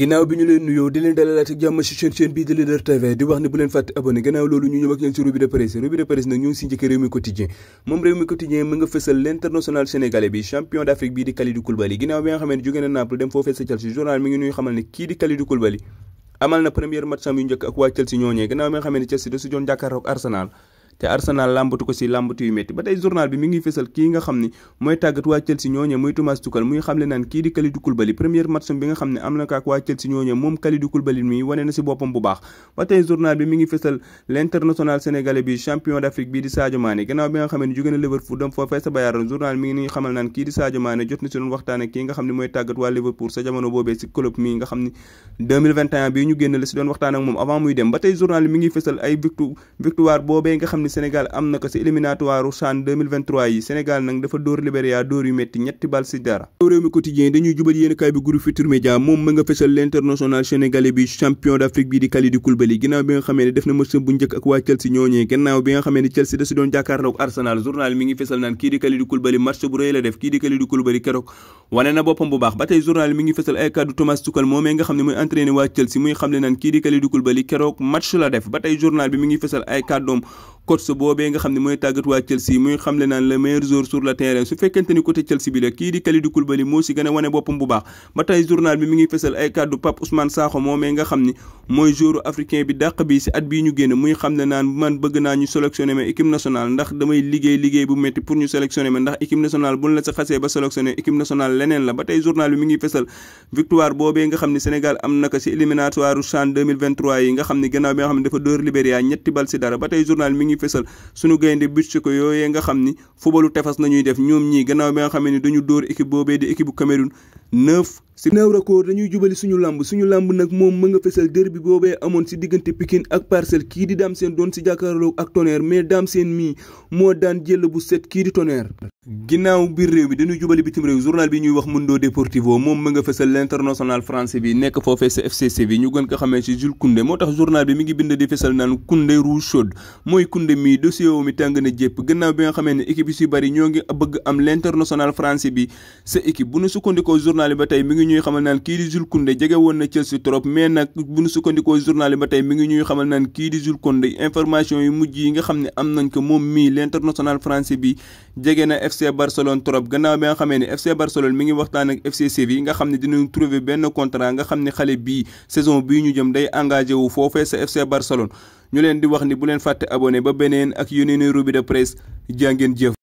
ginnaaw bi ñu leen nuyoo di leen dalalaat ak jàmm ci seen chaîne bii di Leader TV di wax ne bu leen fàtte abonné gannaaw loolu ñu ñëw ak yéen ci revue de presse revue de presse nag ñu ngi ci njëkk Rewmi Quotidien moom Rewmi Quotidien mu nga fësal l'international sénégalais bi champion d'Afrique bii di Kalidou Koulibaly ginnaaw bi nga xam ne jóge na Naples dem foofee sa Chelsea journal mi ngi ñuy xamal ne kii di Kalidou Koulibaly amal na première te Arsenal làmbatu ko si làmbatu yu métti ba tey journal bi mi ngi fésal kii nga xam ni mooy tàggat waa Chelsea ñooñe muy Thomas Tuchel muy xam ne am tàggat waa Liverpool sa jamono boobee si club mi nga xam ne 2021 ñu génn la si doon waxtaan ak moom avant muy dem ba tey journal mi ngi fésal ay victoire boobee nga xam ne Sénégal am na ko ci éliminatoire CHAN yi Sénégal nag dafa dóor Libéria dóor yu métti ñetti bal ci dara dañuy jubal yéen bi groupe Futur Média moom ma nga fesal l'international sénégalais bi champion d'Afrique bi di Kalidou Koulibaly ginnaaw bi nga def na match bu njëkk ak waa Chelsea ñooñee ginnaaw bi nga xamee ne Chelsea da si doon jàkkaarloog Arsenal journal mi ngi fesal naan kii di Kalidou Koulibaly match bu rëy la def kii di Kalidou Koulibaly keroog wane na boppam bu baax ba tey journal mi ngi fesal ay kaddu Thomas Tuchel moomee coach boobee nga xam ne mooy tàggat Chelsea muy xamle naan le meilleur joueur sur le terrain su fekkente ni côté Chelsea bi la kii di Kalidou Koulibaly moo si gën a wane boppam bu baax ba journal bi mi ngi fesal ay kàddu Pape Ousmane Sakho moomee nga xam ni mooy joueur africain bi dàq bi si at bii ñu génn muy xamle naan man bëgg naa ñu sélectionné ma équipe nationale ndax damay liggéey liggéey bu métti pour ñu sélectionné ma ndax équipe nationale fësal suñu gaynde bicci ko yooyee nga xam ni fubalu tefas nañuy def ñoom ñi gannaaw bi nga xam ne dañu dóor équipe boobee di équipe bu neuf si neuf record dañuy jubali suñu lamb suñu lamb nag moom mën nga fesal derbi boobee amoon si diggante Pikine ak Parcelles kii di Dame Sène doon si jàkkaarloo ak Tonnerre mais Dame Sène mii moo daan jël bu set kii di Tonnerre. ginnaaw biir réew mi dañuy jubali bitim réew journal bi ñuy wax Mundo Deportivo moom mën nga fesal l'international français bi nekk foofee sa FC Séville ñu gën ko xamee si Jules Koundé moo tax journal bi mi ngi bind di fesal naan Koundé rouge journal yi ba tey mi ngi ñuy xamal naan kii di Jules Koundé jege woon na Chelsea trop mais nag bu ñu sukkandikoo journal yi ba tey mi ngi ñuy xamal naan kii di Jules Koundé information yu nga xam ne am FC Barcelone trop gannaaw bi nga xamee ne FC Barcelone mi ngi waxtaan ak FC Séville nga xam ne dinañu trouver benn contrat nga xam ne xale bii saison bii ñu jëm day engagé wu foofee sa FC Barcelone ñu leen di wax ni bu leen fàtte abonné ba beneen ak yeneen revue de presse jaa ngeen jëf